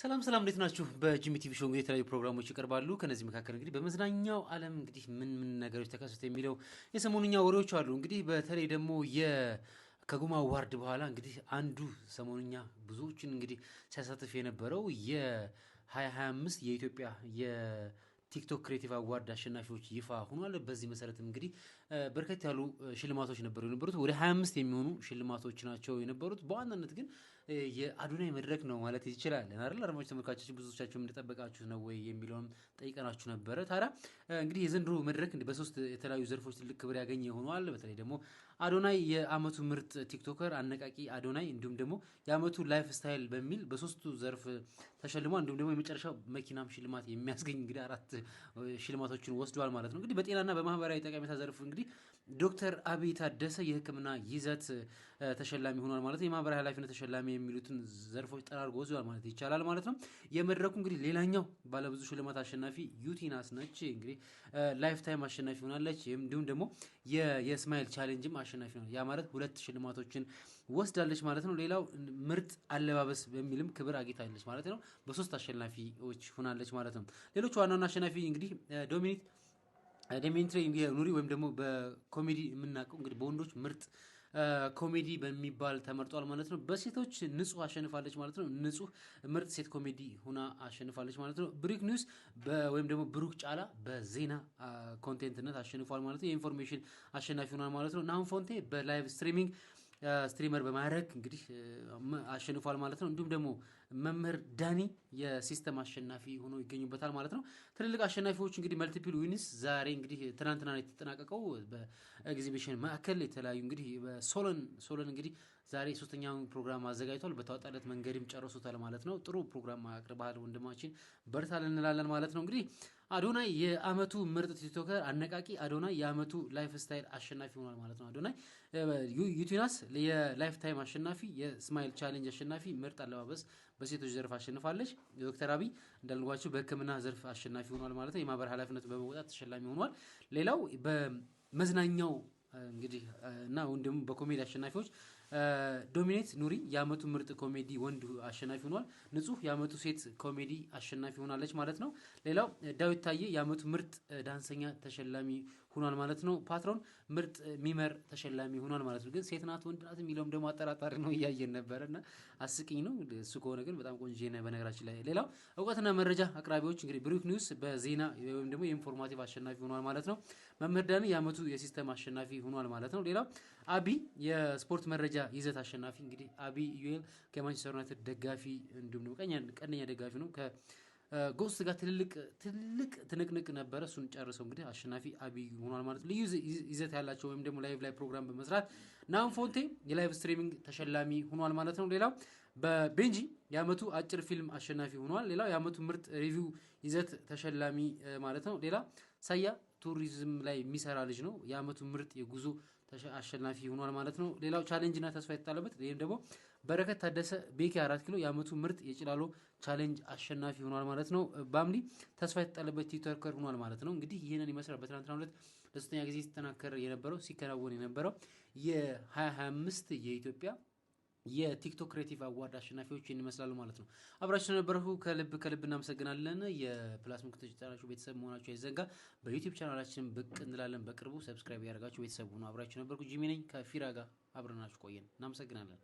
ሰላም ሰላም እንዴት ናችሁ? በጂሚ ቲቪ ሾው እንግዲህ የተለያዩ ፕሮግራሞች ይቀርባሉ። ከነዚህ መካከል እንግዲህ በመዝናኛው ዓለም እንግዲህ ምን ምን ነገሮች ተከሰቱ የሚለው የሰሞኑኛ ወሬዎች አሉ። እንግዲህ በተለይ ደግሞ ከጉማ አዋርድ በኋላ እንግዲህ አንዱ ሰሞኑኛ ብዙዎችን እንግዲህ ሲያሳትፍ የነበረው የ2025 የኢትዮጵያ ቲክቶክ ክሬቲቭ አዋርድ አሸናፊዎች ይፋ ሆኗል። በዚህ መሰረትም እንግዲህ በርከት ያሉ ሽልማቶች ነበሩ የነበሩት ወደ 25 የሚሆኑ ሽልማቶች ናቸው የነበሩት። በዋናነት ግን የአዶናይ መድረክ ነው ማለት ይችላል አይደል? አድማጭ ተመልካቾች ብዙዎቻችሁ እንደጠበቃችሁ ነው ወይ የሚለውንም ጠይቀናችሁ ነበረ። ታዲያ እንግዲህ የዘንድሮ መድረክ በሶስት የተለያዩ ዘርፎች ትልቅ ክብር ያገኘ ሆኗል። በተለይ ደግሞ አዶናይ የአመቱ ምርጥ ቲክቶከር፣ አነቃቂ አዶናይ እንዲሁም ደግሞ የአመቱ ላይፍ ስታይል በሚል በሶስቱ ዘርፍ ተሸልሟል። እንዲሁም ደግሞ የመጨረሻው መኪናም ሽልማት የሚያስገኝ እንግዲህ አራት ሽልማቶችን ወስዷል ማለት ነው። እንግዲህ በጤናና በማህበራዊ ጠቀሜታ ዘርፍ እንግዲህ ዶክተር አብይ ታደሰ የህክምና ይዘት ተሸላሚ ሆኗል ማለት የማህበራዊ ኃላፊነት ተሸላሚ የሚሉትን ዘርፎች ጠራርጎ ወዘዋል ማለት ይቻላል ማለት ነው። የመድረኩ እንግዲህ ሌላኛው ባለብዙ ሽልማት አሸናፊ ዩቲናስ ነች። እንግዲህ ላይፍ ታይም አሸናፊ ሆናለች። እንዲሁም ደግሞ የስማይል ቻሌንጅም አሸናፊ ሆናል። ያ ማለት ሁለት ሽልማቶችን ወስዳለች ማለት ነው። ሌላው ምርጥ አለባበስ በሚልም ክብር አግኝታለች ማለት ነው። በሶስት አሸናፊዎች ሆናለች ማለት ነው። ሌሎች ዋና አሸናፊ እንግዲህ ዶሚኒት ዶሜንትሪ ኑሪ ወይም ደግሞ በኮሜዲ የምናውቀው እንግዲህ በወንዶች ምርጥ ኮሜዲ በሚባል ተመርጧል ማለት ነው። በሴቶች ንጹህ አሸንፋለች ማለት ነው። ንጹህ ምርጥ ሴት ኮሜዲ ሁና አሸንፋለች ማለት ነው። ብሩክ ኒውስ ወይም ደግሞ ብሩክ ጫላ በዜና ኮንቴንትነት አሸንፏል ማለት ነው። የኢንፎርሜሽን አሸናፊ ሆኗል ማለት ነው። ናሁም ፎንቴ በላይቭ ስትሪሚንግ ስትሪመር በማድረግ እንግዲህ አሸንፏል ማለት ነው። እንዲሁም ደግሞ መምህር ዳኒ የሲስተም አሸናፊ ሆኖ ይገኙበታል ማለት ነው። ትልልቅ አሸናፊዎች እንግዲህ መልቲፕል ዊንስ ዛሬ እንግዲህ ትናንትና ነው የተጠናቀቀው በኤግዚቢሽን ማዕከል የተለያዩ እንግዲህ ሶለን ሶለን እንግዲህ ዛሬ ሶስተኛውን ፕሮግራም አዘጋጅቷል። በተዋጣለት መንገድም ጨርሶታል ማለት ነው። ጥሩ ፕሮግራም አቅርበሃል ወንድማችን፣ በርታ እንላለን ማለት ነው። እንግዲህ አዶናይ የአመቱ ምርጥ ቲክቶከር አነቃቂ አዶናይ የአመቱ ላይፍ ስታይል አሸናፊ ሆኗል ማለት ነው። አዶናይ ዩቲናስ የላይፍ ታይም አሸናፊ፣ የስማይል ቻሌንጅ አሸናፊ፣ ምርጥ አለባበስ በሴቶች ዘርፍ አሸንፋለች። ዶክተር አብይ እንዳልጓቸው በህክምና ዘርፍ አሸናፊ ሆኗል ማለት ነው። የማህበር ኃላፊነት በመወጣት ተሸላሚ ሆኗል። ሌላው በመዝናኛው እንግዲህ እና ወንድም በኮሜዲ አሸናፊዎች ዶሚኔት ኑሪ የአመቱ ምርጥ ኮሜዲ ወንድ አሸናፊ ሆኗል። ንጹህ የአመቱ ሴት ኮሜዲ አሸናፊ ሆናለች ማለት ነው። ሌላው ዳዊት ታየ የአመቱ ምርጥ ዳንሰኛ ተሸላሚ ሆኗል ማለት ነው። ፓትሮን ምርጥ ሚመር ተሸላሚ ሆኗል ማለት ነው። ግን ሴት ናት ወንድ ናት የሚለውም ደግሞ አጠራጣሪ ነው፣ እያየን ነበረ እና አስቅኝ ነው። እሱ ከሆነ ግን በጣም ቆንጆ ነ በነገራችን ላይ ሌላው እውቀትና መረጃ አቅራቢዎች እንግዲህ ብሩክ ኒውስ በዜና ወይም ደግሞ የኢንፎርማቲቭ አሸናፊ ሆኗል ማለት ነው። መምህር ዳን የአመቱ የሲስተም አሸናፊ ሆኗል ማለት ነው። ሌላው አቢ የስፖርት መረጃ ይዘት አሸናፊ እንግዲህ አቢ ዩኤል ከማንቸስተር ዩናይትድ ደጋፊ እንዲሁም ደግሞ ቀነኛ ደጋፊ ነው። ከጎስ ጋር ትልልቅ ትልቅ ትንቅንቅ ነበረ። እሱን ጨርሰው እንግዲህ አሸናፊ አቢ ሆኗል ማለት ልዩ ይዘት ያላቸው ወይም ደግሞ ላይቭ ላይ ፕሮግራም በመስራት ናም ፎንቴ የላይቭ ስትሪሚንግ ተሸላሚ ሆኗል ማለት ነው። ሌላው በቤንጂ የአመቱ አጭር ፊልም አሸናፊ ሆኗል። ሌላው የአመቱ ምርጥ ሪቪው ይዘት ተሸላሚ ማለት ነው። ሌላ ሳያ ቱሪዝም ላይ የሚሰራ ልጅ ነው። የአመቱ ምርጥ የጉዞ አሸናፊ ሆኗል ማለት ነው። ሌላው ቻሌንጅና ተስፋ የተጣለበት ይህም ደግሞ በረከት ታደሰ ቤኪ አራት ኪሎ የአመቱ ምርጥ የጭላሎ ቻሌንጅ አሸናፊ ሆኗል ማለት ነው። ባምሊ ተስፋ የተጣለበት ቲክቶከር ሆኗል ማለት ነው። እንግዲህ ይህንን ይመስላል በትናንትናው ሁለት ለሶስተኛ ጊዜ ሲጠናከር የነበረው ሲከናወን የነበረው የ2025 የኢትዮጵያ የቲክቶክ ክሬቲቭ አዋርድ አሸናፊዎች ይህን ይመስላሉ ማለት ነው። አብራችሁ ስለነበረሁ ከልብ ከልብ እናመሰግናለን። የፕላስ ምልክት ተጫናችሁ ቤተሰብ መሆናችሁ አይዘንጋ። በዩቲዩብ ቻናላችን ብቅ እንላለን። በቅርቡ ሰብስክራይብ ያደርጋችሁ ቤተሰቡ ነው። አብራችሁ ነበርኩ ጂሚ ነኝ። ከፊራ ጋር አብረናችሁ ቆየን። እናመሰግናለን።